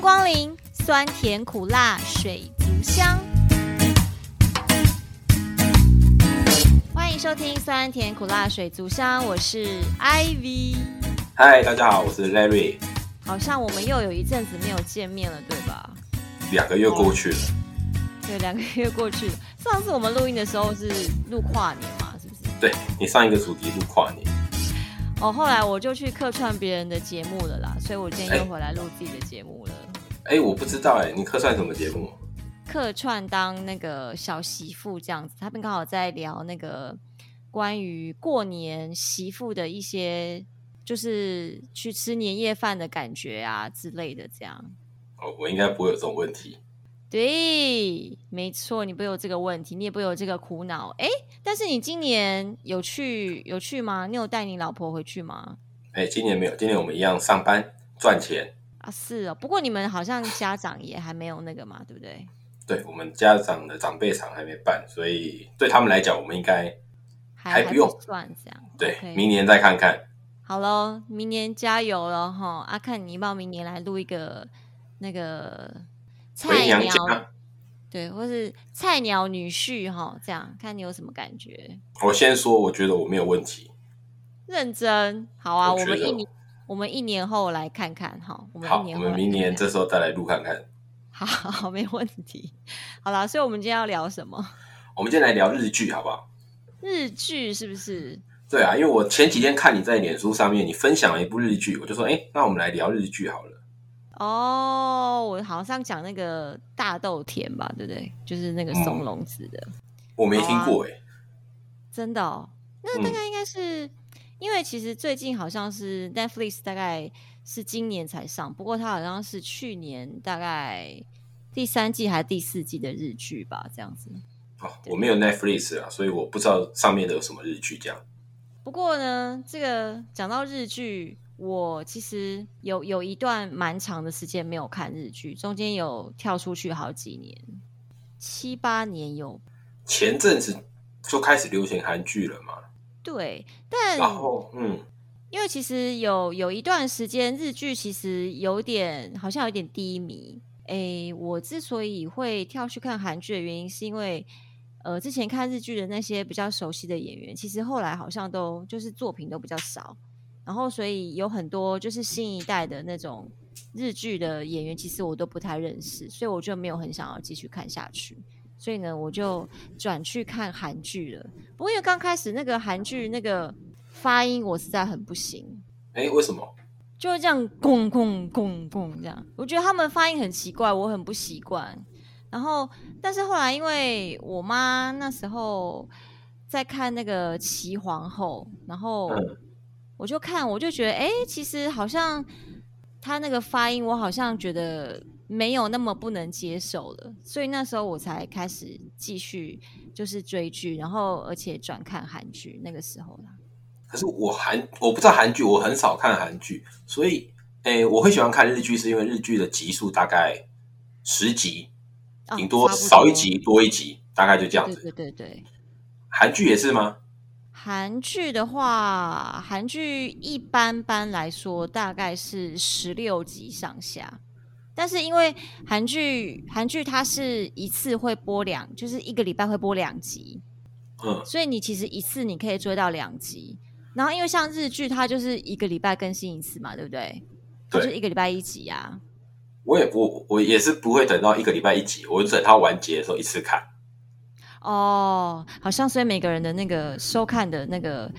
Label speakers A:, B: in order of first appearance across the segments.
A: 光臨酸甜苦辣水族箱，歡迎收聽酸甜苦辣水族箱，我是 Ivy。
B: 嗨，大家好，我是 Larry。
A: 好像我們又有一陣子沒有見面了，對吧？
B: 兩個月過去了。
A: 哦。對，兩個月過去了。上次我們錄音的時候是錄跨年嘛？是
B: 不是？對，你上一個主題錄跨年。
A: 哦，後來我就去客串別人的節目了啦，所以我今天又回來錄自己的節目了。
B: 哎、欸欸，我不知道哎、欸，你客串什麼節目？
A: 客串當那個小媳婦這樣子，他們剛好在聊那個關於過年媳婦的一些，就是去吃年夜飯的感覺啊之類的這樣。
B: 哦，我應該不會有這種問題。
A: 對，沒錯，你不有這個問題，你也不有這個苦惱，哎，但是你今年有去，有去嗎？你有帶你老婆回去嗎？
B: 哎，今年沒有，今年我們一樣上班，賺錢
A: 啊，是哦。不過你們好像家長也還沒有那個嘛，對不對？
B: 對，我們家長的長輩場還沒辦，所以對他們來講，我們應該還不用算這樣。對，明年再看看。
A: 好嘍，明年加油了哈。阿、啊、看，你報明年來錄一個那個。菜鳥，回娘家啊、對，或是菜鳥女婿，哈，這樣看你有什麼感覺？
B: 我先說，我覺得我沒有問題。
A: 認真，好啊，我，我們一年，我們一年後來看看哈。好，我們一年後來看看好，我們明
B: 年這時候再來錄看看。
A: 好好，沒問題。好了，所以我們今天要聊什麼？
B: 我們今天來聊日劇好不好？
A: 日劇是不是？
B: 對啊，因為我前幾天看你在臉書上面，你分享了一部日劇，我就說，哎，那我們來聊日劇好了。
A: 哦，我好像講那個大豆田吧，對不對？就
B: 是那個松隆子的。嗯。我沒聽過哎、欸啊。
A: 真的、哦，那大概應該是、嗯、因為其實最近好像是 Netflix 大概是今年才上，不過它好像是去年大概第三季還是第四季的日劇
B: 吧，這樣子。哦，我沒有 Netflix 啊，所以我不知道上面都有什麼日劇這樣。
A: 不過呢，這個講到日劇。我其實有有一段蠻長的時間沒有看日劇，中間有跳出去好幾年，七八年有。
B: 前陣子就開始流行韓劇了嘛？
A: 對，但然後嗯，因為其實有有一段時間日劇其實有點好像有點低迷。欸，我之所以會跳去看韓劇的原因，是因為呃之前看日劇的那些比較熟悉的演員，其實後來好像都就是作品都比較少。然後，所以有很多就是新一代的那種日劇的演員，其實我都不太認識，所以我就沒有很想要繼續看下去。所以呢，我就轉去看韓劇了。不過因為剛開始那個韓劇那個發音，我實在很不行。
B: 哎、欸，為什麼？
A: 就這樣，唝唝唝唝這樣。我覺得他們發音很奇怪，我很不習慣。然後，但是後來因為我媽那時候在看那個《奇皇後》，然後。嗯我就看，我就覺得，哎，其實好像他那個發音，我好像覺得沒有那麼不能接受了，所以那時候我才開始繼續就是追劇，然後而且轉看韓劇那個時候。可
B: 是我韓，我不知道韓劇，我很少看韓劇，所以，哎，我會喜歡看日劇，是因為日劇的集數大概十集，頂、啊、多，多少一集多一集，大概就這樣子。對，對對對對，韓劇也是嗎？
A: 韓劇的話，韓劇一般般來說大概是十六集上下，但是因為韓劇，韓劇它是一次會播兩，就是一個禮拜會播兩集，嗯，所以你其實一次你可以追到兩集。然後因為像日劇，它就是一個禮拜更新一次嘛，對不對？對，就是一個禮拜一集呀、
B: 啊。我也不，我也是不會等到一個禮拜一集，我等它完結的時候一次看。
A: 哦，oh, 好像所以每個人的那個收看的那個、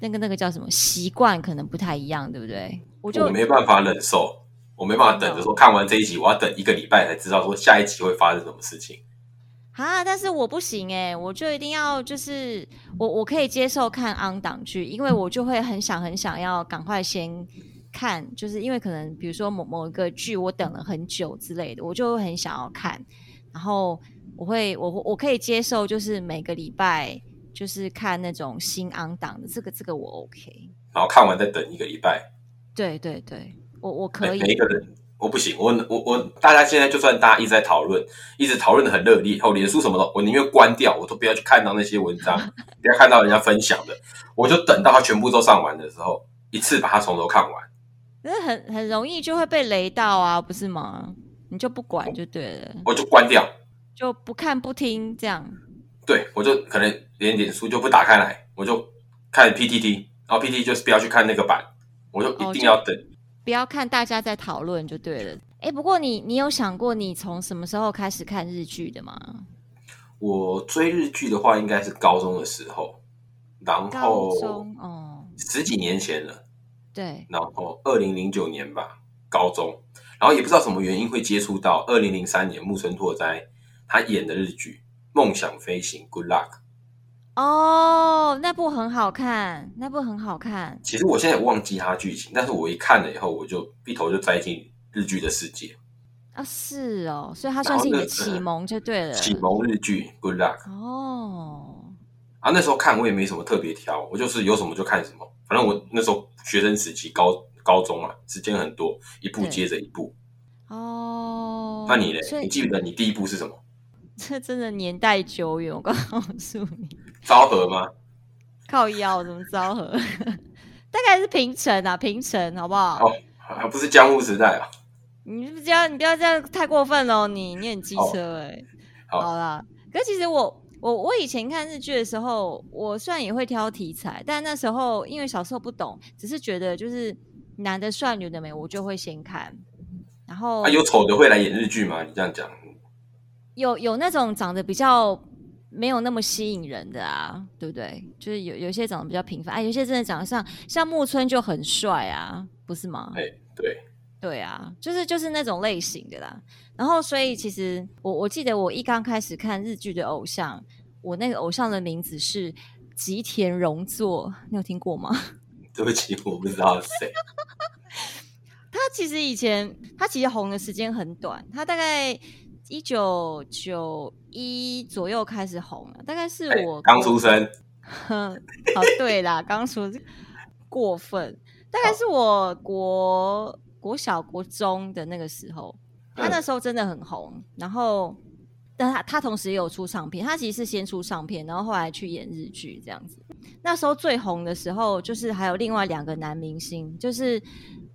A: 那個、那個叫什麼習慣可能不太一樣，對不對？我就我沒辦
B: 法忍受，我沒辦法等着說看完這一集，我要等一個禮拜才知道說下一集會發生什麼事情。
A: 啊！但是我不行哎、欸，我就一定要就是我我可以接受看 on 檔劇，因為我就會很想很想要趕快先看，就是因為可能比如說某某一個劇我等了很久之類的，我就會很想要看，然後。我會我我可以接受，就是每個禮拜就是看那種新昂檔的這個這個我 OK。然
B: 後看完再等一個禮拜。
A: 對對對，我我可以。哎，每一個
B: 人我不行，我我我大家現在就算大家一直在討論，一直討論的很熱烈，然後臉書什麼的，我寧願關掉，我都不要去看到那些文章，不要 看到人家分享的，我就等到它全部都上完的時候，一次把它從頭看完。
A: 但是很很容易就會被雷到啊，不是嗎？你就不管就對了，
B: 我，我就關掉。
A: 就不看不聽這樣，
B: 對我就可能連點書就不打開來，我就看 P T T，然後 P T 就是不要去看那個版，我就一定要等，
A: 哦、不要看大家在討論就對了。哎，不過你你有想過你從什麼時候開始看日劇的嗎？
B: 我追日劇的話，應該是高中的時候，然
A: 後
B: 十幾年前了，哦、對，然後二零零九年吧，高中，然後也不知道什麼原因會接觸到二零零三年木村拓哉。他演的日劇《夢想飛行》，Good luck。哦
A: ，oh, 那部很好看，那部很好看。其
B: 實我現在也忘記他劇情，但是我一看了以後，我就一頭就栽進日劇的世界。
A: 啊，oh, 是哦，所以他算是一個啟蒙，就對了。啟、呃、啟
B: 蒙日劇，Good luck。哦
A: ，oh.
B: 啊，那時候看我也沒什麼特別挑，我就是有什麼就看什麼。反正我那時候學生時期高，高高中嘛、啊，時間很多，一部接着一部。
A: 哦，oh, 那你嘞？你記得你
B: 第一部是什麼？
A: 這真的年代久遠，我告訴你，
B: 昭和嗎？
A: 靠腰？怎麼昭和？ 大概是平成啊，平成好不好？哦，
B: 還不是江戶時代啊！
A: 你不要，你不要這樣太過分嘍！你你很機車哎、欸，好，好，好啦，可是其實我我我以前看日劇的時候，我雖然也會挑題材，但那時候因為小時候不懂，只是覺得就是男的帥、女的美，我就會先看。然後，那、啊、有醜的會來演日
B: 劇嗎？你這樣講？
A: 有有那種長得比較沒有那麼吸引人的啊，對不對？就是有有些長得比較平凡，哎，有些真的長得像像木村就很帥啊，不是嗎？哎，對，對啊，就是就是那種類型的啦。然後，所以其實我我記得我一剛開始看日劇的偶像，我那個偶像的名字是吉田榮作，你有聽過嗎？
B: 對不起，我不知道是誰。
A: 他其實以前他其實紅的時間很短，他大概。一九九一左右開始紅了，大概是我剛出生。哦，對啦，剛 出生過分，大概是我國好國小國中的那個時候，他那時候真的很紅。嗯、然後，但他他同時也有出唱片，他其實是先出唱片，然後後來去演日劇這樣子。那時候最紅的時候，就是還有另外兩個男明星，就是。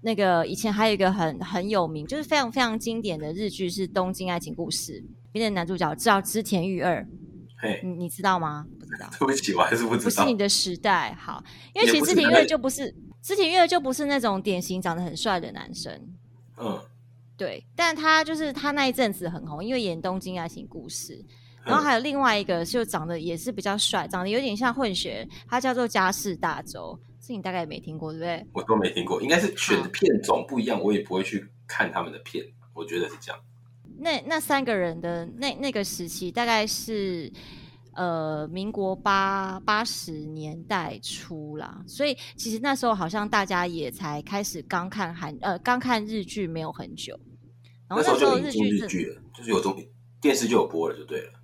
A: 那個以前還有一個很很有名，就是非常非常經典的日劇是《東京愛情故事》，裡面的男主角叫織田裕二，嘿 Hey,，你知道嗎？不知
B: 道， 對不起，我還是不知道。不是你的
A: 時代，好，因為也 其實織田裕二就不是織田裕二就不是那種典型長得很帥的男生，嗯，對，但他就是他那一陣子很紅，因為演《東京愛情故事》，然後還有另外一個就長得也是比較帥，嗯、長得有點像混血，他叫做加勢大周。所以你大概也沒聽過，對不對？
B: 我都沒聽過，應該是選的片種、啊、不一樣，我也不會去看他們的片，我覺得是這樣。
A: 那那三個人的那那個時期，大概是呃民國八八十年代初啦，所以其實那時候好像大家也才開始剛看韓呃剛看日劇沒有很久，
B: 然後那時候就引進日劇了，這就是有種電視就有播了，就對了。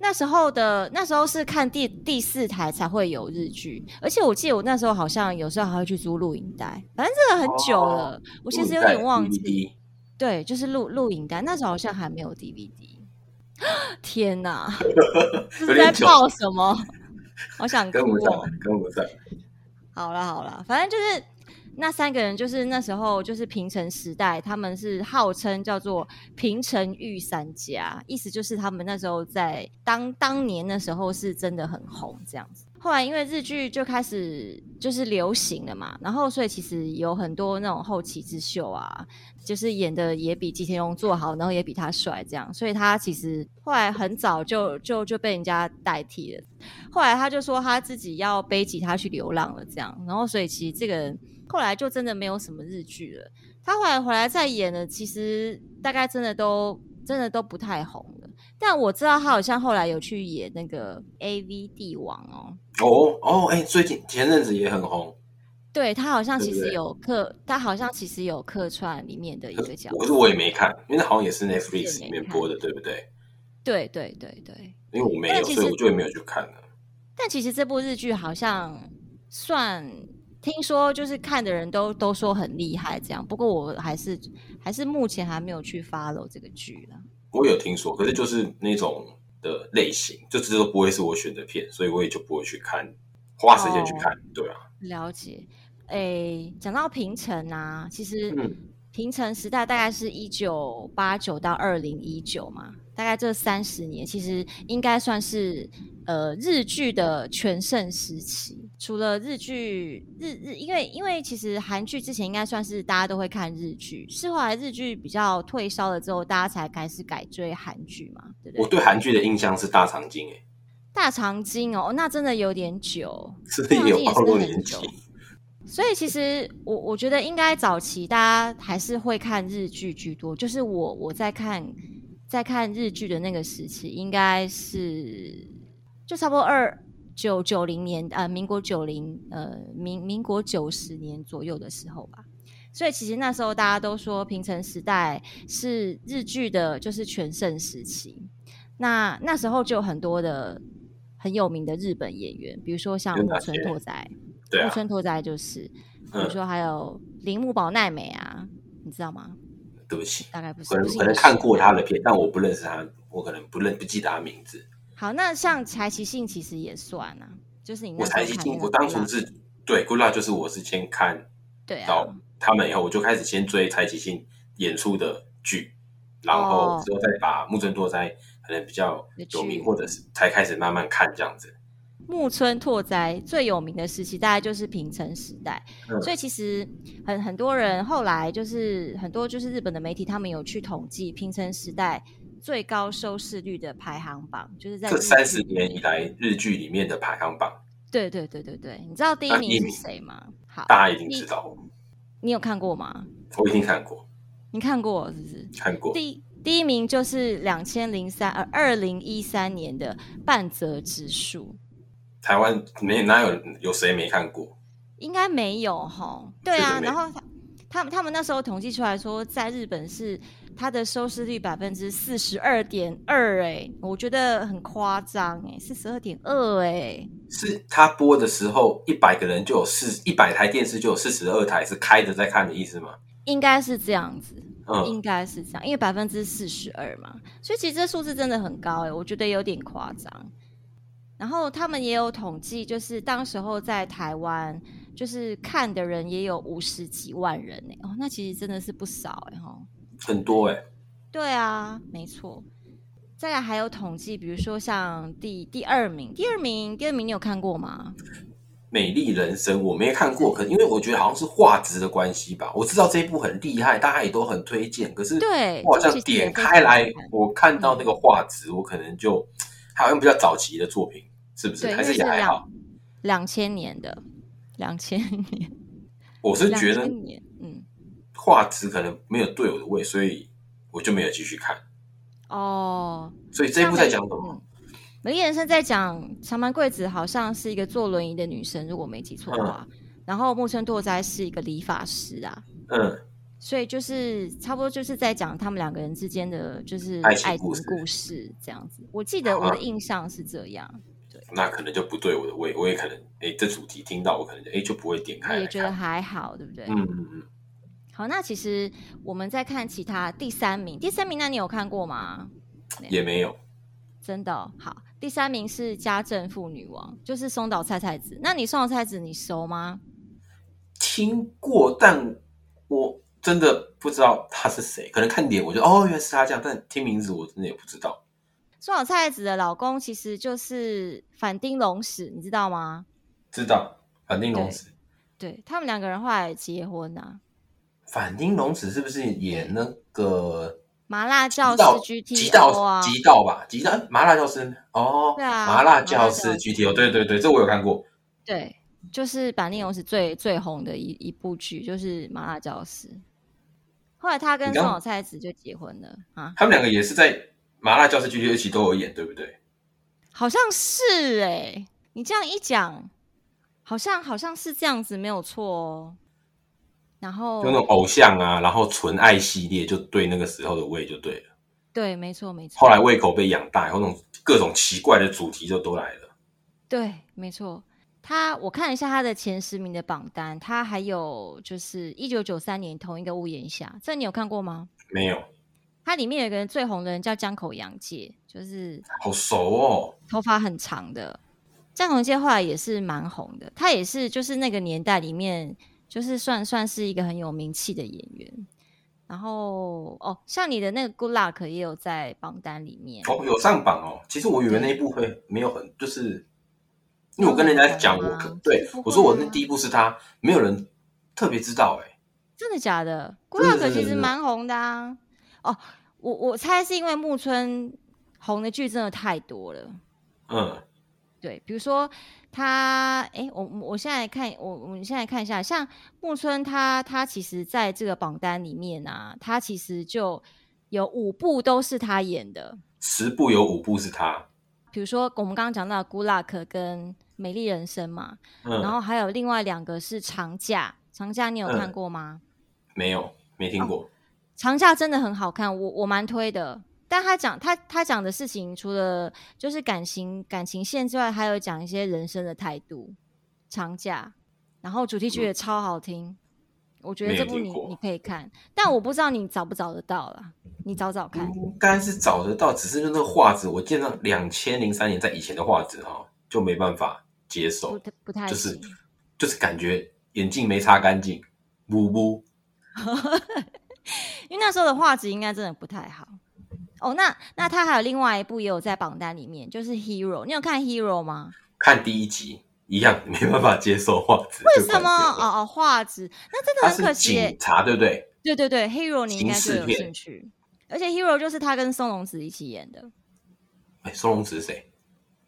A: 那時候的那時候是看第第四台才會有日劇，而且我記得我那時候好像有時候還會去租錄影帶，反正這個很久了，哦、我其實有點忘記。DVD 對，就是錄錄影帶，那時候好像還沒有 DVD。天哪、
B: 啊， 久這是在報什
A: 麼？我想、啊、跟我跟我，好了好了，反正就是。那三個人就是那時候，就是平成時代，他們是號稱叫做平成御三家，意思就是他們那時候在當當年那時候是真的很紅這樣子。後來因為日劇就開始就是流行了嘛，然後所以其實有很多那種後起之秀啊，就是演的也比吉田榮作好，然後也比他帥這樣，所以他其實後來很早就就就被人家代替了。後來他就說他自己要背吉他去流浪了這樣，然後所以其實這個人。後來就真的沒有什麼日劇了。他後來回來再演的，其實大概真的都真的都不太紅了。但我知道他好像後來有去演那個 AV 帝王
B: 哦。哦哦，哎、哦欸，最近前陣子也很紅。
A: 對，他好像其實有客，對對他好像其實有客串裡面的一個角色，可是我，
B: 我也沒看，因為好像也是 Netflix 裡面播的，對不對？
A: 對對對對。
B: 因為我沒有，所以我就也沒有去看了。
A: 但其實這部日劇好像算。聽說就是看的人都都說很厲害這樣，不過我還是還是目前還沒有去 follow 這個劇了。
B: 我有聽說，可是就是那種的類型，就只是都不會是我選的片，所以我也就不會去看，花時間去看，哦、對啊。
A: 了解，哎、欸，講到平成啊，其實、嗯。平成時代大概是一九八九到二零一九嘛，大概這三十年其實應該算是呃日劇的全盛時期。除了日劇，日日因為因為其實韓劇之前應該算是大家都會看日劇，是後來日劇比較退燒了之後，大家才開始改追韓劇嘛，對不
B: 對？我對韓劇的印象是大長今，哎，
A: 大長今哦，那真的有點久，也也是
B: 真的有好多年久。
A: 所以其實我我覺得應該早期大家還是會看日劇居多，就是我我在看在看日劇的那個時期，應該是就差不多二九九零年，呃，民國九零，呃，民民國九十年左右的時候吧。所以其實那時候大家都說平成時代是日劇的，就是全盛時期。那那時候就有很多的很有名的日本演員，比如說像木村拓哉。木村拓哉就是，
B: 比如說還
A: 有鈴木保奈美啊，你知道嗎？
B: 對不起，
A: 大概不是，可能可能看過
B: 他的片，但我不認識他，我可能不認不記得他名字。
A: 好，那像柴崎幸其實也算啊，就是應該是我柴崎幸，我當
B: 初是對，good luck 就是我是先看到他們以後，我就開始先追柴崎幸演出的劇，然後之後再把木村拓哉可能比較有名或者是才開始慢慢看這樣子。
A: 木村拓哉最有名的時期大概就是平成時代，嗯、所以其實很很多人後來就是很多就是日本的媒體他們有去統計平成時代最高收視率的排行榜，就是在這三十年
B: 以來日劇裡面的排行榜。
A: 對對對對對，你知道第一名是
B: 誰嗎？啊、好，大家一定知道你。
A: 你有看過嗎？我一定看過你。你看過是不是？看過。第第一名就是兩千零三呃二零一三年的半澤直樹。
B: 台灣沒，哪有有誰沒看過？
A: 應該沒有，吼，對啊，然後他他，他們他們那時候統計出來說，在日本是他的收視率百分之四十二點二，哎、欸，我覺得很誇張，欸，哎、欸，四十二點二，哎，
B: 是他播的時候一百個人就有四一百台電視就有四十二台是開着在看的意思嗎？
A: 應該是這樣子，嗯，應該是這樣，因為百分之四十二嘛，所以其實這數字真的很高，欸，哎，我覺得有點誇張。然後他們也有統計，就是當時候在台灣，就是看的人也有五十幾萬人呢、欸。哦，那其實真的是不少哎、欸、
B: 很多哎、欸。
A: 對啊，沒錯。再來還有統計，比如說像第第二名，第二名，第二名，你有看過嗎？
B: 美麗人生，我沒看過，是可是因為我覺得好像是畫質的關係吧。我知道這一部很厲害，大家也都很推薦，可是對我好像點開來，就是、我看到那個畫質，嗯、我可能就好像比較早期的作品，是不是對？還是也兩,
A: 兩千年的，兩千
B: 年。我是覺得，嗯，畫質可能沒有對我的胃，所以我就沒有繼續看。
A: 哦，
B: 所以這一部在講什麼？嗯，
A: 《美麗人生》在講常盤貴子好像是一個坐輪椅的女生，如果沒記錯的話。嗯、然後木村拓哉是一個理髮師啊。嗯。所以就是差不多就是在講他們兩個人之間的就是愛情故事、情故事這樣子。我記得我的印象是這樣。嗯
B: 那可能就不對我的胃，我也可能誒，這主題聽到我可能就誒就不會點開。也
A: 覺得還好，對不對？嗯嗯嗯。好，那其實我們再看其他第三名，第三名，那你有看過嗎？也沒有。真的好，第三名是家政婦女王，就是松島菜菜子。那你松島菜菜子你熟嗎？
B: 聽過，但我真的不知道他是誰。可能看臉，我就哦，原來是他這樣，但聽名字我真的也不知道。
A: 宋小菜子的老公其實就是反町隆史，你知道嗎？
B: 知道，反町隆史。
A: 對，對他們兩個人後來結婚啊。
B: 反町隆史是不是演那個
A: 麻辣教師 G T O 啊，極道吧，極道麻辣教
B: 師哦，對啊，麻辣教師、哦啊、麻辣教師 G T O，對對對，這我有看過。
A: 對，就是反町隆史最最紅的一一部劇，就是《麻辣教師》。後來他跟宋小菜子就結婚了
B: 剛啊。他們兩個也是在。麻辣教師劇集一起都有演，對不對？
A: 好像是哎、欸，你這樣一講，好像好像是這樣子，沒有錯哦。然後就那種
B: 偶像啊，然後純愛系列，就對那個時候的胃，就對了。
A: 對，沒錯，沒
B: 錯。後來胃口被養大，然後那種各種奇怪的主題就都來了。
A: 對，沒錯。他我看了一下他的前十名的榜單，他還有就是一九九三年同一個屋檐下，這你有看過嗎？沒有。它裡面有一個人最紅的人叫江口洋介，就是
B: 好熟哦，
A: 頭髮很長的江口洋介，後來也是蠻紅的。他也是就是那個年代裡面，就是算算是一個很有名氣的演員。然後哦，像你的那個 Good Luck 也有在榜單裡面哦，
B: 有上榜哦。其實我以為那一部會沒有很，對就是因為我跟人家講，哦啊、我對、啊、我說我那第一部是他，沒有人特別知道哎、
A: 欸，真的假的？Good Luck 其實蠻紅的啊。哦，我我猜是因為木村紅的劇真的太多了。
B: 嗯，
A: 對，比如說他，哎，我我現在看我我們現在看一下，像木村他他其實在這個榜單裡面呢、啊，他其實就有五部都是他演的，
B: 十部有五部是他。
A: 比如說我們剛剛講到《Good Luck》跟《美麗人生》嘛，嗯、然後還有另外兩個是長假《長假》，《長假》你有看過嗎、嗯？
B: 沒有，沒聽過。哦。
A: 長假真的很好看，我我蠻推的。但他講他他講的事情，除了就是感情感情線之外，還有講一些人生的態度。長假，然後主題曲也超好聽，嗯、我覺得這部你你，你可以看，但我不知道你找不找得到了，你找找看。應
B: 該是找得到，只是那個畫質，我見到兩千零三年在以前的畫質哈、哦，就沒辦法接受，不，不太就是就是感覺眼鏡沒擦乾淨，嗚嗚。不
A: 因為那時候的畫質應該真的不太好哦。Oh, 那那他還有另外一部也有在榜單裡面，就是《Hero》。你有看《Hero》嗎？
B: 看第一集一樣，沒辦法接受畫質。為
A: 什麼？哦哦，畫質。那真的很可惜。他是警察，對不對？對對對，《Hero》你應該是有興趣。而且，《Hero》就是他跟松隆子一起演的。
B: 哎，松隆子是誰？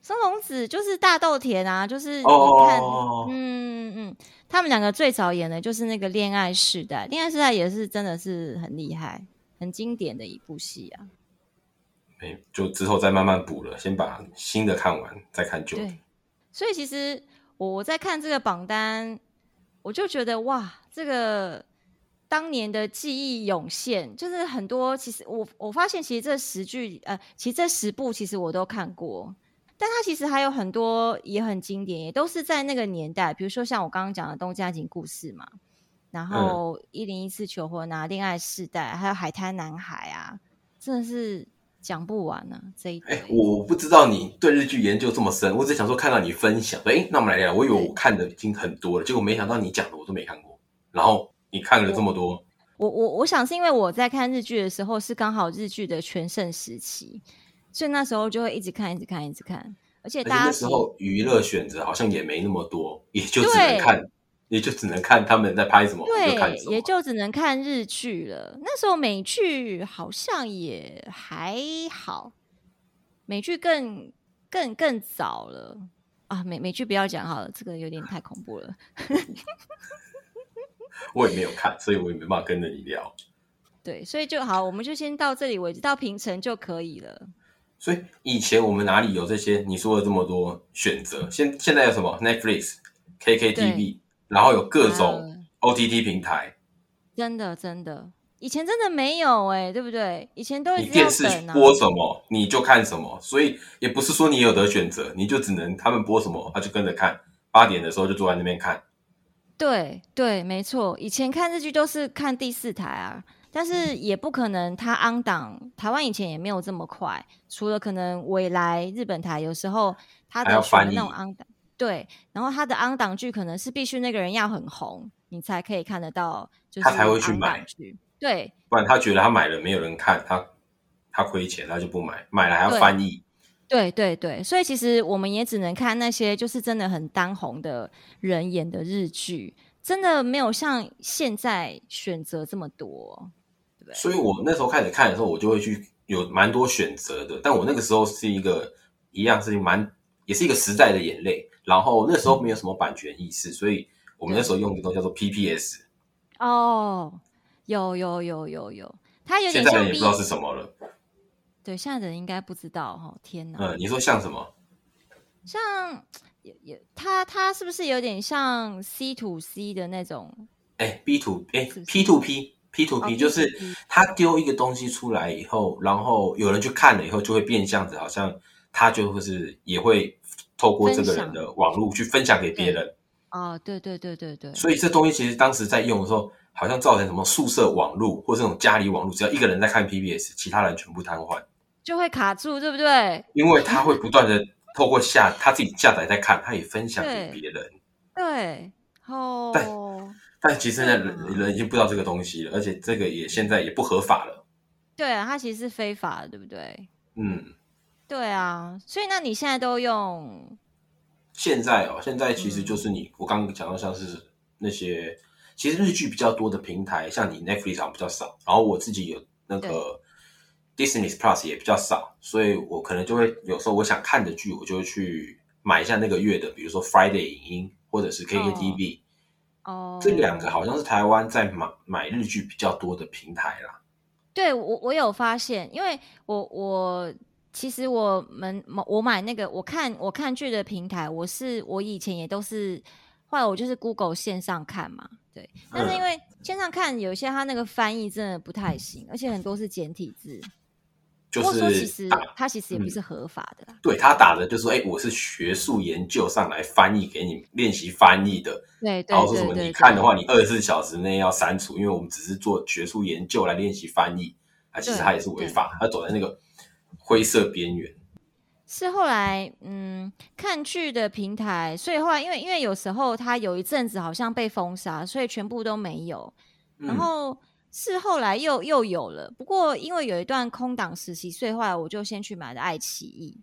A: 松隆子就是大豆田啊，就是看，oh. 嗯嗯，他們兩個最早演的就是那個《戀愛世代》，《戀愛世代》也是真的是很厲害、很經典的一部戲啊。
B: 沒、欸，就之後再慢慢補了，先把新的看完再看舊的對。
A: 所以其實我在看這個榜單，我就覺得哇，這個當年的記憶湧現，就是很多。其實我我發現，其實這十劇，呃，其實這十部其實我都看過。但他其實還有很多，也很經典，也都是在那個年代。比如說像我剛剛講的《東京愛情故事》嘛，然後《一零、嗯、一次求婚》啊、戀愛世代》，還有《海灘男孩》啊，真的是講不完呢、啊。這一點、
B: 欸、我不知道你對日劇研究這麼深，我只想說看到你分享，哎、欸，那麼來講。我以為我看的已經很多了，對結果沒想到你講的我都沒看過。然後你看了這麼多，
A: 我我我，我想是因為我在看日劇的時候是剛好日劇的全盛時期。所以那時候就會一直看，一直看，一直看。而且大家而且那時候
B: 娛樂選擇好像也沒那麼多，也就只能看，對也就只能看他們在拍什麼。對，就也
A: 就只能看日劇了。那時候美劇好像也還好，美劇更更更早了啊！美美劇不要講好了，這個有點太恐怖
B: 了。 我也沒有看，所以我也沒辦法跟着你聊。
A: 對，所以就好，我們就先到這裡為止，到平成就可以了。
B: 所以以前我們哪裡有這些？你說的這麼多選擇，現現在有什麼 Netflix KKTV，對、KKTV，然後有各種 OTT 平台，
A: 真的真的，以前真的沒有哎、欸，對不對？以前都有電視播
B: 什麼你就看什麼，所以也不是說你有得選擇，你就只能他們播什麼他就跟着看。八點的時候就坐在那邊看，
A: 對對，沒錯，以前看日劇都是看第四台啊。但是也不可能他，他上檔，台灣以前也沒有這麼快。除了可能緯來日本台，有時候他的那種上檔。對，然後他的上檔劇可能是必須那個人要很紅，你才可以看得到，就是他才會去買，
B: 對，不然他覺得他買了沒有人看他，他虧錢，他就不買，買了還要翻譯。
A: 對對對，所以其實我們也只能看那些就是真的很當紅的人演的日劇，真的沒有像現在選擇這麼多。所以，我
B: 那時候開始看的時候，我就會去有蠻多選擇的。但我那個時候是一個，一樣是蠻，也是一個時代的眼淚。然後那時候沒有什麼版權意識，嗯、所以我們那時候用的都叫做 PPS。
A: 哦，有有有有有，它有點像、B。現在也不知道是什麼了。對，現在的人應該不知道哈。天哪。嗯，你說像什麼？像也也，它它是不是有點像 C to C 的那種？哎、
B: 欸、，B to 哎、欸、，P to P。P2P、oh, 就是他丟一個東西出來以後，哦、然後有人去看了以後，就會變相子，好像他就會是也會透過這個人的網絡去分享給別人。對
A: 對對對對，
B: 對。所以這東西其實當時在用的時候，好像造成什麼宿舍網絡或者這種家裡網絡，只要一個人在看 P P S，其他人全部癱瘓，
A: 就會卡住，對不對？
B: 因為他會不斷的透過下他自己下載在看，他也分享給別人。
A: 對，對，哦、oh.
B: 但其實人、嗯、人已經不知道這個東西了，而且這個也現在也不合法了。
A: 對啊，它其實是非法的，對不對？嗯，對啊。所以那你現在都用？
B: 現在哦，現在其實就是你、嗯、我剛剛講到，像是那些其實日劇比較多的平台，像你 Netflix 上比較少，然後我自己有那個 Disney Plus 也比較少，對所以我可能就會有時候我想看的劇，我就會去買一下那個月的，比如說 Friday 影音或者是 KKTV。哦。
A: 哦，oh, 這兩
B: 個好像是台灣在買買日劇比較多的平台啦。
A: 對，我我有發現，因為我我其實我們我買那個我看我看劇的平台，我是我以前也都是，後來我就是 Google 線上看嘛。對，但是因為線上看有一些它那個翻譯真的不太行，嗯，而且很多是簡體字。
B: 就是打說其實
A: 他，其實也不是合法的，啊，
B: 嗯。對，他打的就是，哎、欸，我是學術研究上來翻譯給你練習翻譯的。對，對然後說什麼你看的話，你二十四小時內要刪除，因為我們只是做學術研究來練習翻譯。啊，其實他也是違法，他走在那個灰色邊緣。
A: 是後來，嗯，看劇的平台，所以後來，因為因為有時候他有一陣子好像被封殺，所以全部都沒有。然後。嗯是後來又又有了，不過因為有一段空檔時期，所以後來我就先去買了愛奇藝。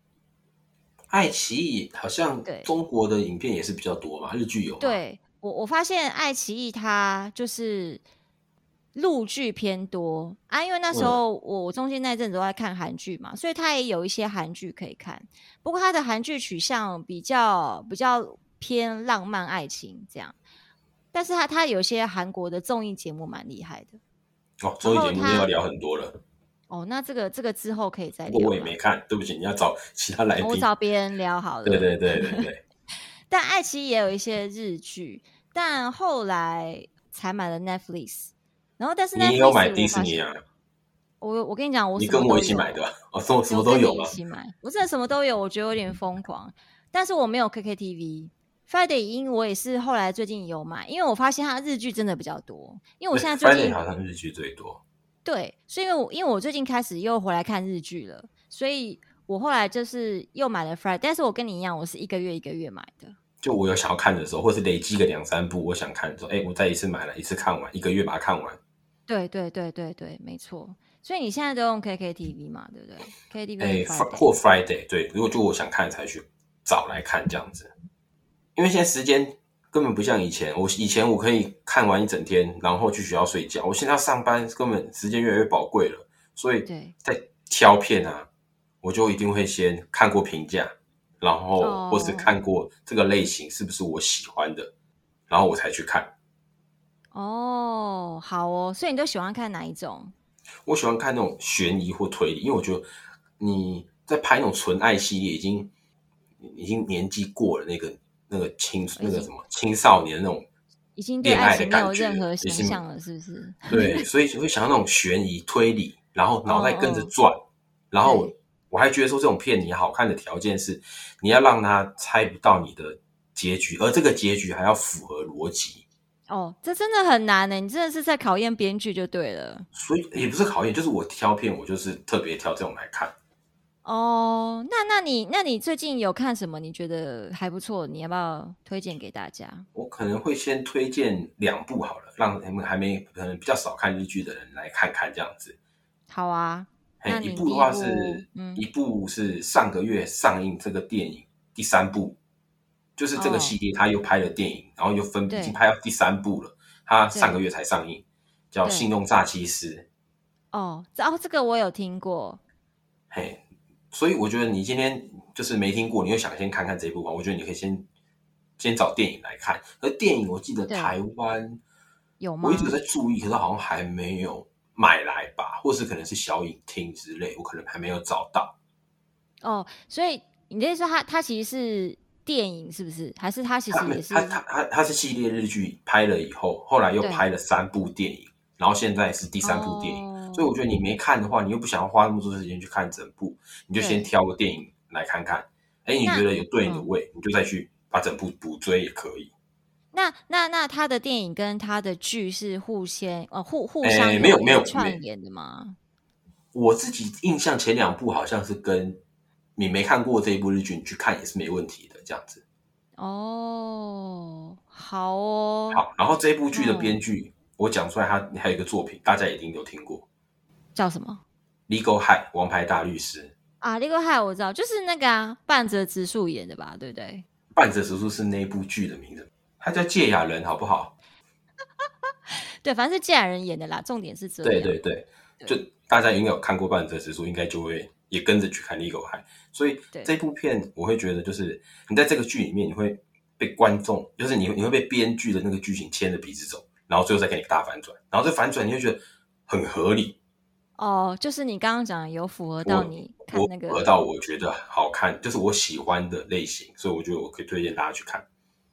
B: 愛奇藝好像對中國的影片也是比較多嘛，對日劇有。
A: 對，我我發現愛奇藝它就是陸劇偏多啊，因為那時候我中間那陣子都在看韓劇嘛，嗯、所以它也有一些韓劇可以看。不過它的韓劇取向比較比較偏浪漫愛情這樣，但是他它，它有些韓國的綜藝節目蠻厲害的。
B: 哦，綜藝節目要聊很多了。
A: 哦，那這個這個之後可以再聊。我我也沒
B: 看，對不起，你要找其他來賓。我找
A: 別人聊好了。對,對對對對對。 但愛奇藝也有一些日劇，但後來才買了 Netflix。然後，但是 Netflix, 你有買迪士尼啊？我我跟你講，我你跟我一起買的，
B: 我、哦、什麼什麼都有嗎？一起買，
A: 我真的什麼都有，我覺得有點瘋狂。但是我沒有 KKTV。Friday 音我也是後來最近有買，因為我發現它日劇真的比較多。因為我現在最近好
B: 像日劇最多，
A: 對，所以因為我因為我最近開始又回來看日劇了，所以我後來就是又買了 Friday。但是我跟你一樣，我是一個月一個月買的。
B: 就我有想要看的時候，或是累積個兩三部我想看的時候，哎、欸，我再一次買了一次看完，一個月把它看完。
A: 對對對對對，沒錯。所以你現在都用 KKTV 嘛，對不對？KTV 哎、或、欸、
B: Friday 對，如果就我想看才去找來看這樣子。因為現在時間根本不像以前，我以前我可以看完一整天，然後去學校睡覺。我現在要上班，根本時間越來越寶貴了，所以，在挑片啊，對。我就一定會先看過評價，然後或是看過這個類型是不是我喜歡的，Oh. 然後我才去看。
A: 哦，Oh, 好哦，所以你都喜歡看哪一種？
B: 我喜歡看那種懸疑或推理，因為我覺得你在拍那種純愛系列，已經已經年紀過了那個。那個青那個什麼青少年的那種，
A: 已經戀愛的感覺，已經沒有任何形象了是不是？ 對，
B: 所以就會想到那種懸疑推理，然後腦袋跟着轉，哦、然後我還覺得說這種片你好看的條件是，你要讓他猜不到你的結局，而這個結局還要符合邏輯。
A: 哦，這真的很難耶，你真的是在考驗編劇就對了。
B: 所以也不是考驗，就是我挑片，我就是特別挑這種來看。
A: 哦、oh,，那那你那你最近有看什麼？你覺得還不錯？你要不要推薦給大家？
B: 我可能會先推薦兩部好了，讓你們還沒可能比較少看日劇的人來看看這樣子。
A: 好啊，
B: 嘿一,部一部的話是，嗯、一部是上個月上映這個電影第三部，就是這個系列他又拍了電影，oh, 然後又分對已經拍到第三部了，他上個月才上映，對叫《信用詐欺師》。
A: 哦，oh, 哦，這個我有聽過，嘿。
B: 所以我覺得你今天就是沒聽過，你又想先看看這一部分，我覺得你可以先先找電影來看。而電影，我記得台灣有嗎？我一直在注意，可是好像還沒有買來吧，或是可能是小影廳之類，我可能還沒有找到。
A: 哦，所以你的意思，他它其實是電影，是不是？還是他其實也是它它他,他,他,他,他是
B: 系列日劇拍了以後，後來又拍了三部電影，對然後現在是第三部電影。哦所以我覺得你沒看的話，你又不想要花那麼多時間去看整部，你就先挑個電影來看看。哎對、欸，你覺得有對你的味，那你就再去把整部補追也可以。
A: 那那那他的電影跟他的劇是互相哦、呃、互互相有、欸、沒有沒有串聯的嗎？
B: 我自己印象前兩部好像是跟你沒看過這一部日劇，你去看也是沒問題的。這樣子
A: 哦，好哦，
B: 好。然後這一部劇的編劇，哦、我講出來他還有一個作品，大家一定有聽過。叫什麼？Legal High，王牌大律師
A: 啊！Legal High 我知道，就是那個啊，半澤直樹演的吧？對不對？
B: 半澤直樹是那部劇的名字，他叫堺雅人，好不好？ 對，
A: 反正是堺雅人演的啦。重點是這樣，對對
B: 對，對就大家應該有看過半澤直樹，應該就會也跟着去看 Legal High。所以對這部片我會覺得，就是你在這個劇裡面，你會被觀眾，就是你你會被編劇的那個劇情牽着鼻子走，然後最後再給你個大反轉，然後這反轉你會覺得很合理。
A: 哦，oh, 就是你剛剛講的有符合到你
B: 看，那個我，我符合到我覺得好看，就是我喜歡的類型，所以我覺得我可以推薦大家去看。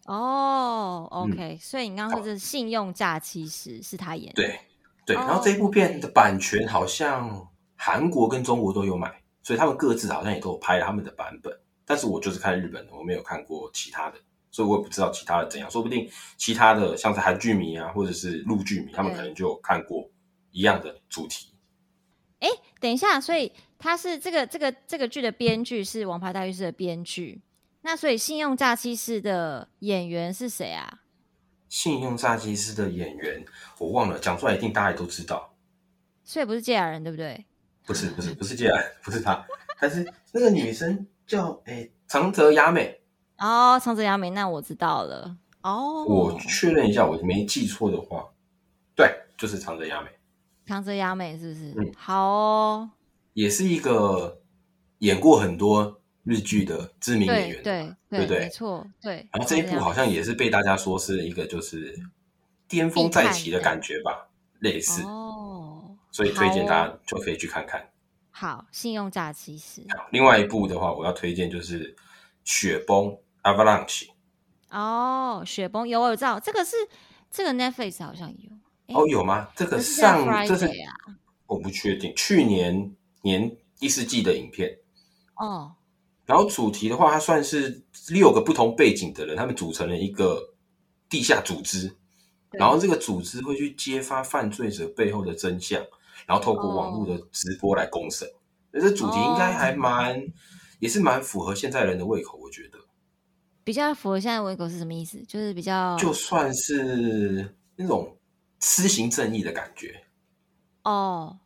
A: 哦、oh,，OK，嗯、所以你剛剛說的信用詐其實是他演的，對
B: 對。對 oh, 然後這一部片的版權好像韓國跟中國都有買，okay. 所以他們各自好像也都有拍了他們的版本。但是我就是看日本的，我沒有看過其他的，所以我也不知道其他的怎樣。說不定其他的像是韓劇迷啊，或者是陸劇迷，他們可能就有看過一樣的主題。Yeah.
A: 哎、欸，等一下，所以他是這個這個這個劇的編劇是《王牌大律師》的編劇，那所以《信用詐欺師》的演員是誰啊？
B: 《信用詐欺師》的演員我忘了，講出來一定大家也都知道。
A: 所以不是堺雅人對不對？
B: 不是不是不是堺雅，不是他，還 是那個女生叫哎，長澤雅美
A: 哦，長澤、oh, 雅美，那我知道了哦。Oh. 我
B: 確認一下，我沒記錯的話，對，就是長澤雅美。
A: 長澤雅美是不是、嗯、好哦，
B: 也是一個演過很多日劇的知名演員，
A: 對，對對對，對對沒錯對。然後這一部好像
B: 也是被大家說是一個就是巔峰再起的感覺吧，看看類似哦，所以推薦大家就可以去看看。好，
A: 哦，好，信用詐欺師。
B: 另外一部的話，我要推薦就是《雪崩》（Avalanche）。
A: 哦，《雪崩》有我知道，這個是這個 Netflix 好像有。
B: 誒哦，有嗎？這個上這是,這是,、啊、這是我不確定，去年年第四季的影片哦。Oh. 然後主題的話，它算是六個不同背景的人，他們組成了一個地下組織，對然後這個組織會去揭發犯罪者背後的真相，然後透過網絡的直播來公審。那、oh. 這主題應該還蠻、oh. 也是蠻符合現在人的胃口，我覺得
A: 比較符合現在的胃口是什麼意思？就是比較就
B: 算是那種。私刑正義的感覺
A: 哦，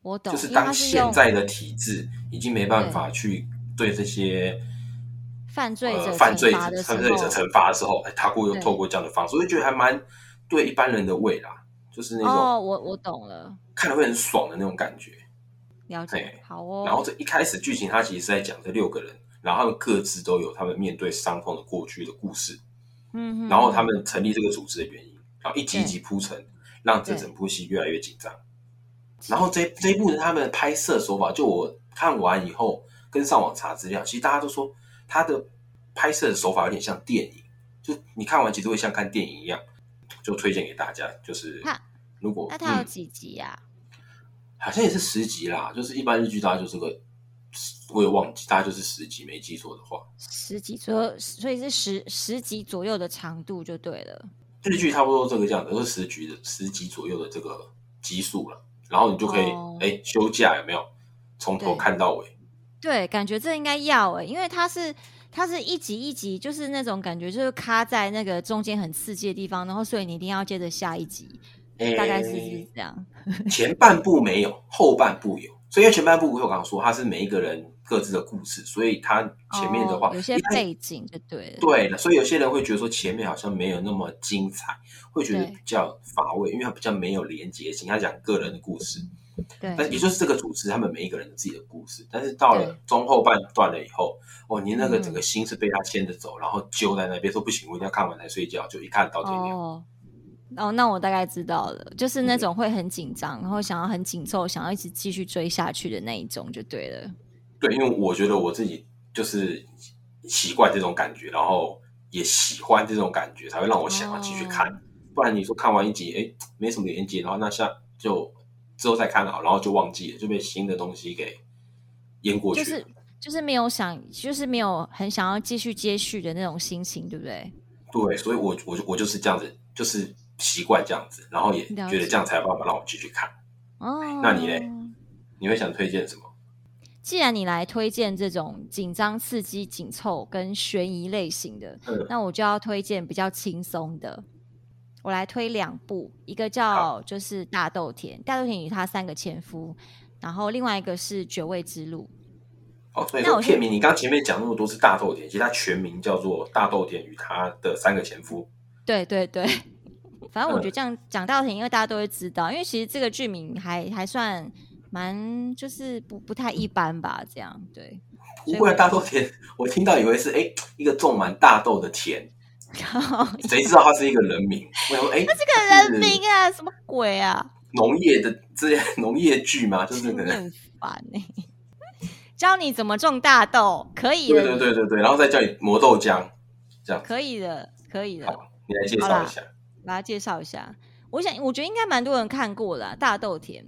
A: 我懂，就是當現在
B: 的體制已經沒辦法去對這些
A: 犯罪犯罪犯罪者懲
B: 罰的時候，哎、呃欸，他過又透過這樣的方式，我覺得還蠻對一般人的胃啦，就是那種
A: 哦，我我懂了，
B: 看了會很爽的那種感覺，
A: 了解。嘿好哦。然後這
B: 一開始劇情，他其實是在講這六個人，然後他們各自都有他們面對傷痛的過去的故事，嗯哼，然後他們成立這個組織的原因，然後一集一集鋪陳。讓這整部戲越來越緊張，對然後這這一部的他們拍攝手法，就我看完以後跟上網查資料，其實大家都說他的拍攝手法有點像電影，就你看完其實會像看電影一樣，就推薦給大家。就是如果那他、嗯、有
A: 幾集呀、
B: 啊？好像也是十集啦，就是一般日劇大家就是個，我也忘記，大概就是十集，沒記錯的話。
A: 十集左右，所以所以是十十集左右的長度就對了。
B: 日劇差不多這個這樣子，都是十集的十幾左右的這個集數了，然後你就可以哎、哦欸、休假有沒有？從頭看到尾對。
A: 對，感覺這應該要哎、欸，因為它是它是一集一集，就是那種感覺，就是卡在那個中間很刺激的地方，然後所以你一定要接着下一集。欸、大概是
B: 是這樣？前半部沒有，後半部有。所以前半部我剛剛說它是每一個人。各自的故事，所以他前面的話、哦、有
A: 些背景，就對了。
B: 對的，所以有些人會覺得說前面好像沒有那麼精彩，會覺得比較乏味，對因為他比較沒有連結性。他講個人的故事，對，但也就是這個組織，他們每一個人的自己的故事。但是到了中後半段了以後，對哦，你那個整個心是被他牽着走，嗯、然後揪在那邊，說不行，我一定要看完才睡覺，就一看到
A: 天亮。哦，哦，那我大概知道了，就是那種會很緊張，嗯、然後想要很緊湊，想要一直繼續追下去的那一種，就對了。
B: 對，因為我覺得我自己就是習慣這種感覺，然後也喜歡這種感覺，才會讓我想要繼續看。Oh. 不然你說看完一集，哎，沒什麼連接，然後那下就之後再看好，然後就忘記了，就被新的東西給淹過去。就是
A: 就是沒有想，就是沒有很想要繼續接續的那種心情，對不對？
B: 對，所以我我就我就是這樣子，就是習慣這樣子，然後也覺得這樣才有辦法讓我繼續看。哦、oh，那你嘞，你會想推薦什麼？
A: 既然你來推薦這種緊張、刺激、緊湊，湊跟懸疑類型的，嗯、那我就要推薦比較輕鬆的。我來推兩部，一個叫就是《大豆田》好，《大豆田與他三個前夫》，然後另外一個是《絕味之路》。
B: 哦，那片名那我你剛，剛前面講那麼多是《大豆田》，其實它全名叫做《大豆田與他的三個前夫》
A: 對。對對對，反正我覺得這樣、嗯、講“大豆田”，因為大家都會知道，因為其實這個劇名還還算。蠻就是不不太一般吧，這樣對。
B: 不會、啊、大豆田，我聽到以為是哎一個種滿大豆的田，然後 誰知道他是一個人名？ 我什麼哎？他這個人名
A: 啊，什麼鬼啊？
B: 農業的這些農業劇嘛，就是可能很
A: 煩呢、欸。 教你怎麼種大豆，可以。對對對對對，然後再
B: 教你磨豆漿，這樣
A: 可以的，可以的。好，你來介紹一
B: 下。
A: 把它介紹一下，我想我覺得應該蠻多人看過了，大豆田。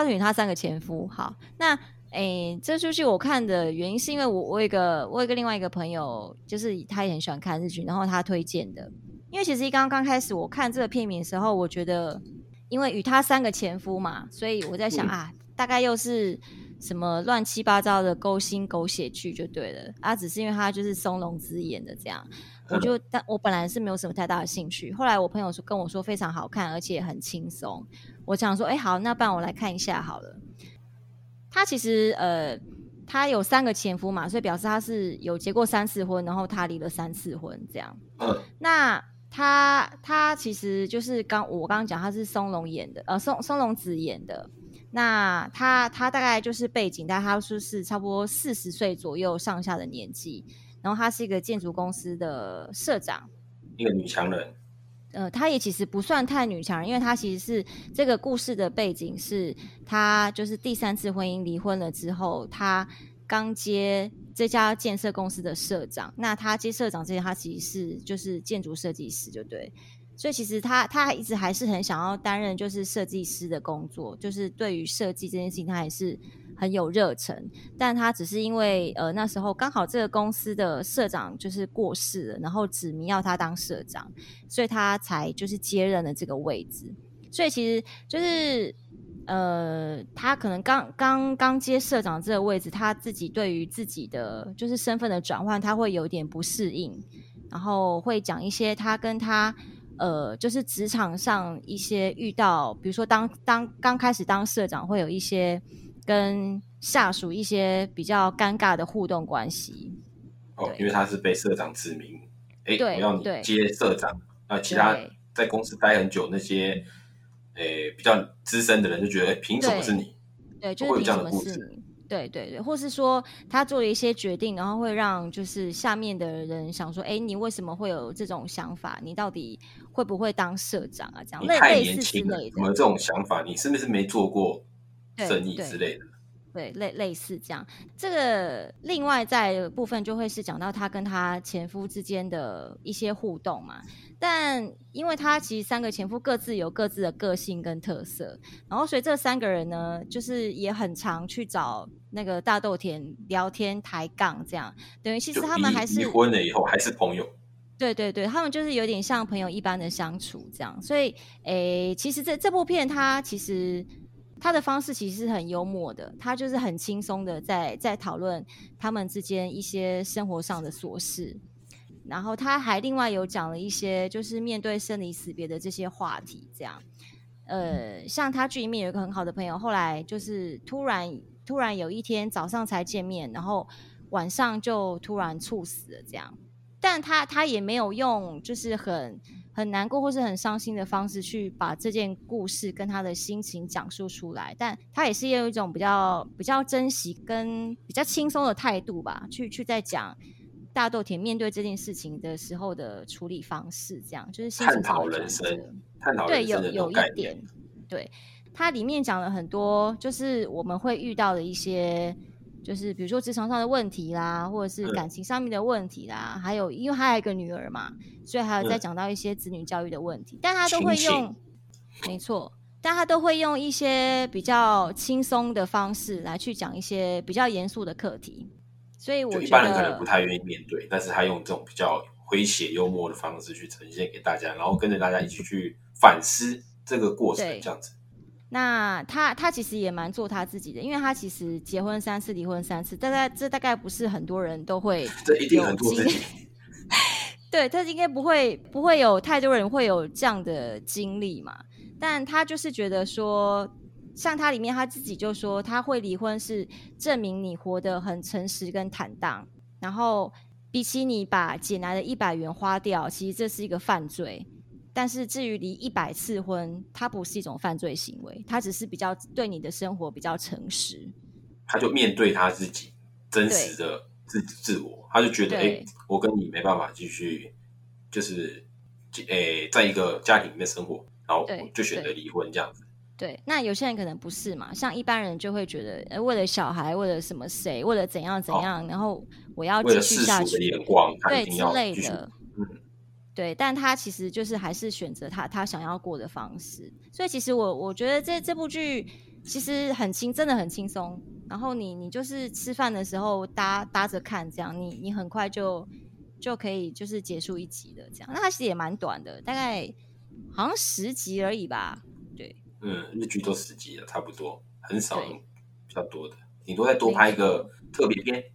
A: 《與他三個前夫》好，那誒、欸，這出劇我看的原因是因為我我有一個我有一個另外一個朋友，就是他也很喜歡看日劇，然後他推薦的。因為其實剛剛開始我看這個片名的時候，我覺得，因為《與他三個前夫》嘛，所以我在想、嗯、啊，大概又是什麼亂七八糟的勾心狗血劇就對了啊。只是因為他就是松隆子演的這樣，我就、嗯、但我本來是沒有什麼太大的興趣。後來我朋友說跟我說非常好看，而且也很輕鬆。我想說，哎、欸，好，那不然我來看一下好了。他其實，呃，他有三個前夫嘛，所以表示他是有結過三次婚，然後他離了三次婚這樣。嗯、那他他其實就是剛我剛剛講他是松隆演的，呃，松松隆子演的。那他他大概就是背景，大概他說是差不多四十歲左右上下的年紀，然後他是一個建築公司的社長，一
B: 個女強人。
A: 呃，他也其實不算太女強人，因為他其實是這個故事的背景是他就是第三次婚姻離婚了之後，他剛接這家建設公司的社長。那他接社長之前，他其實是就是建築設計師，就對。所以其實他他一直還是很想要擔任就是設計師的工作，就是對於設計這件事情，他還是。很有熱忱，但他只是因為呃那時候剛好這個公司的社長就是過世了，然後指名要他當社長，所以他才就是接任了這個位置。所以其實就是呃，他可能剛剛剛接社長這個位置，他自己對於自己的就是身份的轉換，他會有點不適應，然後會講一些他跟他呃，就是職場上一些遇到，比如說當當剛開始當社長會有一些。跟下屬一些比較尷尬的互動關係
B: 哦，對因為他是被社長指名，哎、欸，對要你接社長。對那其他在公司待很久那些，哎對、欸，比較資深的人就覺得，哎、欸，憑什麼是你？
A: 對，就會有這樣的故事。對、就是憑什麼是。對對對，或是說他做了一些決定，然後會讓就是下面的人想說，哎、欸，你為什麼會有這種想法？你到底會不會當社長啊？這樣你太年輕了，怎麼
B: 這種想法？對對對你是不是沒做過？對爭議之
A: 類的對，對，類類似這樣。這個另外在部分就會是講到他跟他前夫之間的一些互動嘛。但因為他其實三個前夫各自有各自的個性跟特色，然後所以這三個人呢，就是也很常去找那個大豆田聊天、抬槓這樣。等於其實他們還是離婚了
B: 以後還是朋友。
A: 對對對，他們就是有點像朋友一般的相處這樣。所以誒、欸，其實這這部片它其實。他的方式其實是很幽默的，他就是很輕鬆的在在討論他們之間一些生活上的瑣事，然後他還另外有講了一些就是面對生離死別的這些話題，這樣，呃，像他劇裡面有一個很好的朋友，後來就是突然突然有一天早上才見面，然後晚上就突然猝死了這樣，但他他也沒有用就是很。很難過或是很傷心的方式去把這件故事跟他的心情講述出來，但他也是用一種比較比較珍惜跟比較輕鬆的態度吧，去去在講大豆田面對這件事情的時候的處理方式，這樣就是心情、這個、探討人生，
B: 探討對有有一點，
A: 對，他裡面講了很多，就是我們會遇到的一些。就是比如說職場上的問題啦，或者是感情上面的問題啦，嗯、還有因為他還有一個女兒嘛，所以還有在講到一些子女教育的問題，嗯、但他都會用，親情。沒錯，但他都會用一些比較輕鬆的方式來去講一些比較嚴肅的課題，所以
B: 我覺得一般人可能不太願意面對，但是他用這種比較詼諧幽默的方式去呈現給大家，然後跟着大家一起去反思這個過程，這樣子。
A: 那他他其實也蠻做他自己的，因為他其實結婚三次，離婚三次，大概這大概不是很多人都會有經歷， 對，他應該不會不會有太多人會有這樣的經歷嘛。但他就是覺得說，像他裡面他自己就說，他會離婚是證明你活得很誠實跟坦蕩，然後比起你把撿來的一百元花掉，其實這是一個犯罪。但是至於離一百次婚，他不是一種犯罪行為，他只是比較對你的生活比較誠實。
B: 他就面對他自己真實的自對自我，他就覺得哎對、欸，我跟你沒辦法繼續，就是哎、欸、在一個家庭裡面生活，然後我就選擇離婚這樣子對對。
A: 對，那有些人可能不是嘛，像一般人就會覺得，呃、為了小孩，為了什麼誰，為了怎樣怎樣，好然後我要繼續下去，為了世俗的眼光，他一定要對之類的。對，但他其實就是還是選擇他他想要過的方式，所以其實我我覺得這這部劇其實很輕，真的很輕鬆。然後你你就是吃飯的時候搭搭着看，這樣你你很快就就可以就是結束一集的這樣。那他其實也蠻短的，大概好像十集而已吧。對，
B: 嗯，日劇都十集了，差不多很少對比較多的，頂多再多拍一個特別篇。欸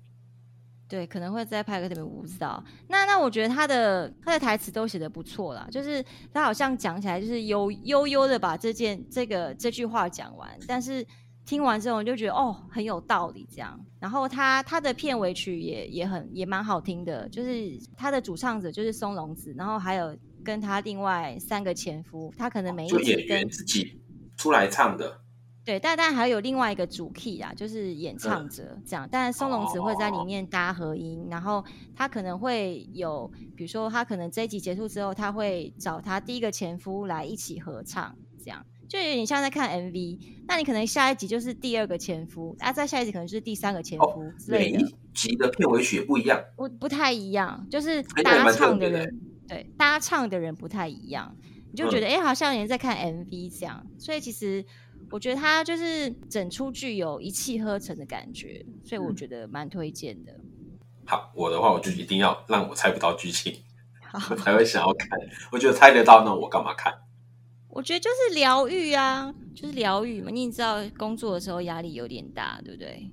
A: 對，可能會再拍個特別，舞蹈。那那我覺得他的他的台詞都寫得不錯啦，就是他好像講起來就是悠悠悠的把這件這個這句話講完，但是聽完之後你就覺得哦，很有道理這樣。然後他他的片尾曲也也很也蠻好聽的，就是他的主唱者就是松隆子，然後還有跟他另外三個前夫，他可能沒一次跟演員
B: 自己出來唱的。
A: 對，但但還有另外一個主 key 啊，就是演唱者、嗯、這樣。但松隆子會在裡面搭和音，哦哦哦哦然後他可能會有，比如說他可能這一集結束之後，他會找他第一個前夫來一起合唱，這樣就有點像在看 MV。那你可能下一集就是第二個前夫，啊，再下一集可能就是第三個前夫、哦、之類的。
B: 每一集的片尾曲也
A: 不一樣，不不太一樣，就是搭唱的人，的對搭唱的人不太一樣，你就覺得哎、嗯，好像你在看 MV 這樣。所以其實。我覺得它就是整出劇有一氣呵成的感覺，所以我覺得蠻推薦的、
B: 嗯。好，我的話我就一定要讓我猜不到劇情，
A: 我好才會
B: 想要看。我覺得猜得到那我幹嘛看？
A: 我覺得就是療癒啊，就是療癒嘛。你，你知道工作的時候壓力有點大，對不對？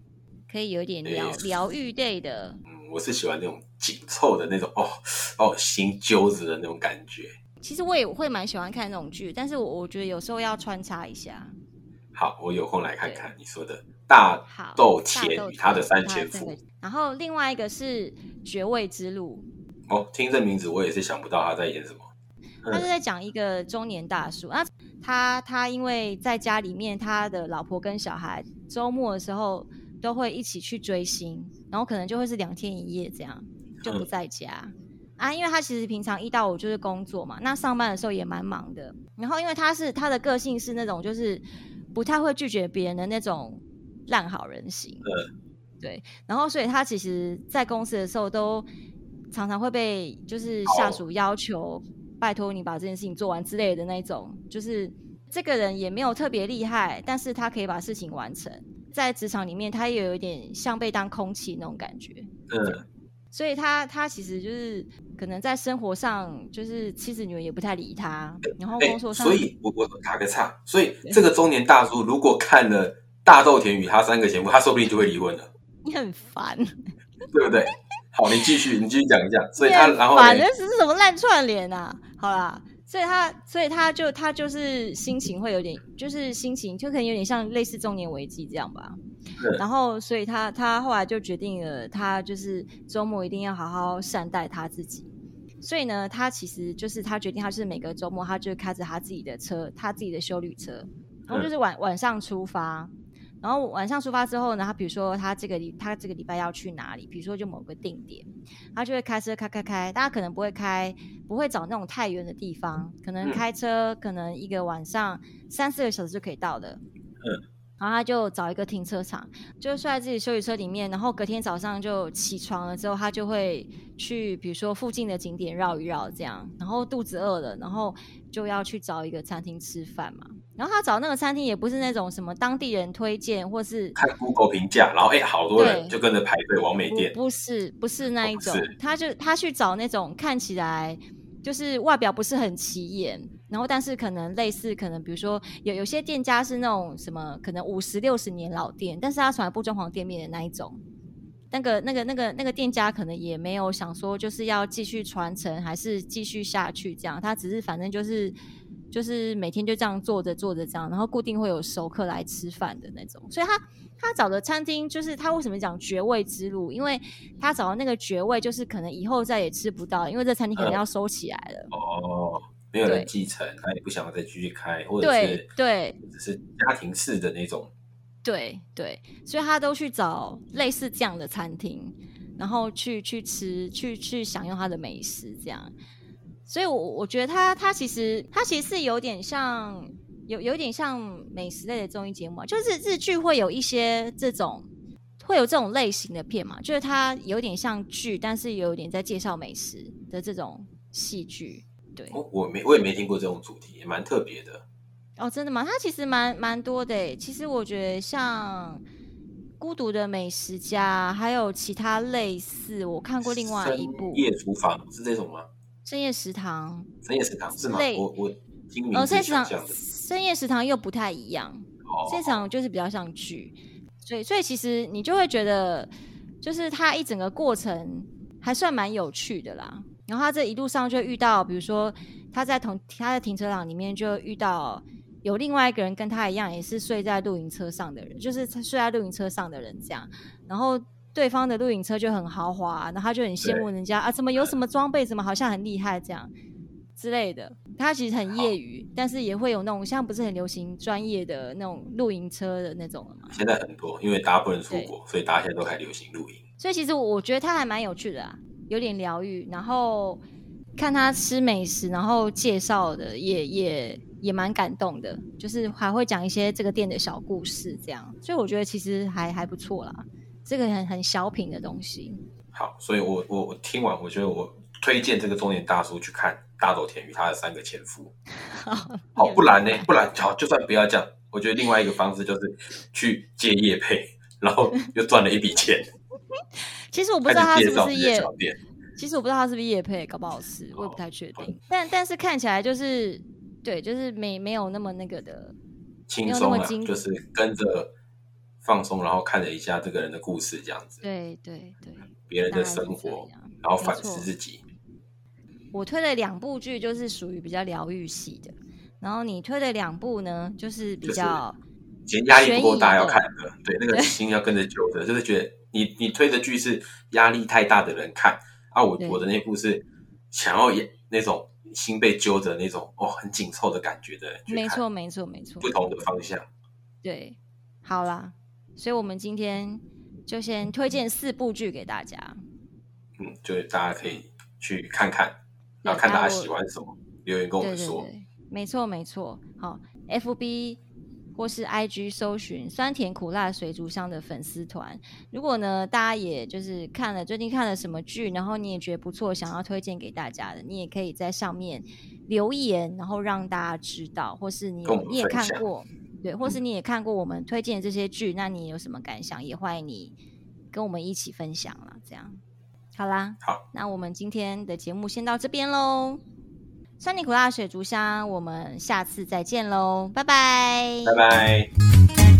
A: 可以有點療療癒對的。
B: 嗯，我是喜歡那種緊湊的那種，哦哦，心揪著的那種感覺。
A: 其實我也會蠻喜歡看那種劇，但是我我覺得有時候要穿插一下。
B: 好，我有空來看看你說的對大豆田，豆田他的三前夫，這
A: 個。然後另外一個是爵位之路。
B: 哦，聽這名字我也是想不到他在演什麼。他是在
A: 講一個中年大叔啊，嗯、他他因為在家裡面，他的老婆跟小孩周末的時候都會一起去追星，然後可能就會是兩天一夜這樣，就不在家、嗯、啊，因為他其實平常一到五就是工作嘛，那上班的時候也蠻忙的。然後因為他是他的個性是那種就是。不太會拒絕別人的那種爛好人型，對，對，然後所以他其實，在公司的時候都常常會被就是下屬要求，Oh. 拜托你把這件事情做完之類的那種，就是這個人也沒有特別厲害，但是他可以把事情完成，在職場裡面，他也有一點像被當空氣那種感覺，對，對。所以他他其實就是可能在生活上就是妻子女兒也不太理他，然後工作上，
B: 欸、所以我我打個岔，所以這個中年大叔如果看了《大豆田與他三個前夫》，他說不定就會離婚了。
A: 你很煩煩，
B: 對不對？好，你繼續，你繼續講一下。所以他 煩然後，反正
A: 只是什麼爛串聯吶、啊，好啦。所以他，所以他就他就是心情會有點，就是心情就可能有點像類似中年危機這樣吧。是然後，所以他他後來就決定了，他就是週末一定要好好善待他自己。所以呢，他其實就是他決定，他是每個週末他就開着他自己的車，他自己的休旅車，然後就是晚、嗯、晚上出發。然後晚上出發之後呢，他比如說他這個禮，他這個禮拜要去哪裡？比如說就某個定點，他就會開車開開開。大家可能不會開，不會找那種太遠的地方，可能開車、嗯、可能一個晚上三四個小時就可以到的。嗯然後他就找一個停車場，就睡在自己休旅車裡面。然後隔天早上就起床了之後，他就會去，比如說附近的景點繞一繞這樣。然後肚子餓了，然後就要去找一個餐廳吃飯嘛。然後他找那個餐廳也不是那種什麼當地人推薦，或是看 Google
B: 評價，然後哎、欸、好多人就跟着排隊網美店。不，
A: 不是不是那一種，哦、他就他去找那種看起來就是外表不是很起眼。然後，但是可能類似，可能比如說有有些店家是那種什麼，可能五十六十年老店，但是他從來不裝潢店面的那一種，那個那個那個那個店家可能也沒有想說就是要繼續傳承，還是繼續下去這樣，他只是反正就是就是每天就這樣坐着坐着這樣，然後固定會有熟客來吃飯的那種，所以他他找的餐廳就是他為什麼講絕味之路，因為他找的那個絕味就是可能以後再也吃不到，因為這餐廳可能要收起來了。
B: 哦。沒有人繼承，對他也不想要再繼續開，對或者是對，只是家庭式的那種。
A: 對對，所以他都去找類似這樣的餐廳，然後去去吃，去去享用他的美食，這樣。所以我，我我覺得他他其實他其實是有點像有有點像美食類的綜藝節目啊，就是日劇會有一些這種會有這種類型的片嘛，就是他有點像劇，但是有點在介紹美食的這種戲劇。
B: 我對、哦、我沒我也沒聽過這種主題，也蠻特別的
A: 哦。真的嗎？它其實蠻蠻多的誒。其實我覺得像《孤獨的美食家》，還有其他類似，我看過另外一部《深夜
B: 廚房》是這種嗎？
A: 《深夜食堂》、
B: 《深夜食堂》是嗎？累我我聽哦，《深夜食堂》、《
A: 深夜食堂》又不太一樣，哦，《深夜食、哦、深夜就是比較像劇，所以所以其實你就會覺得，就是它一整個過程還算蠻有趣的啦。然後他這一路上就遇到，比如說他在停他在停車場裡面就遇到有另外一個人跟他一樣，也是睡在露營車上的人，就是他睡在露營車上的人這樣。然後對方的露營車就很豪華，啊，然後他就很羨慕人家對啊，怎麼有什麼裝備，嗯、怎麼好像很厲害這樣之類的。他其實很業餘，好但是也會有那種像不是很流行專業的那種露營車的那種了嘛。
B: 現在很多，因為大家不能出國，對所以大家現在都還流行露
A: 營。所以其實我覺得他還蠻有趣的啊。有點療癒，然後看他吃美食，然後介紹的也也也蠻感動的，就是還會講一些這個店的小故事，這樣，所以我覺得其實還還不錯啦，這個很很小品的東西。
B: 好，所以我我我聽完，我覺得我推薦這個中年大叔去看大豆田與他的三個前夫。 好，好，不然呢、欸？不然好，就算不要講，我覺得另外一個方式就是去借業配， 然後又賺了一筆錢。
A: 其實我不知道他是不是業，其實我不知道他是不是業配，搞不好吃，我也不太確定。但但是看起來就是，對，就是沒沒有那麼那個的，
B: 輕鬆啊，就是跟着放鬆，然後看了一下這個人的故事，這樣子。
A: 對對對，
B: 別人的生活，然後反思自己。
A: 我推了兩部劇，就是屬於比較療癒系的。然後你推的兩部呢，就是比較，
B: 其實壓力不夠大，要看的，對，那個心要跟着揪的，就是覺得。你你推的劇是壓力太大的人看啊，我我的那部是想要演那種心被揪的那種對哦，很緊湊的感覺的。
A: 沒錯沒錯沒錯，
B: 不同的方向。
A: 對，好啦，所以我們今天就先推薦四部劇給大家。
B: 嗯，就是大家可以去看看，然後看大家喜歡什麼，對留言跟我們說。對對
A: 對沒錯沒錯，好，FB。或是 IG 搜尋酸甜苦辣水族箱的粉絲團，如果呢，大家也就是看了最近看了什麼劇，然後你也覺得不錯，想要推薦給大家的，你也可以在上面留言，然後讓大家知道。或是你你也看過，對，或是你也看過我們推薦的這些劇，嗯、那你有什麼感想？也歡迎你跟我們一起分享啦。這樣，好啦，好，那我們今天的節目先到這邊嘍。酸甜苦辣雪竹香，我們下次再見嘍，拜拜，
B: 拜拜。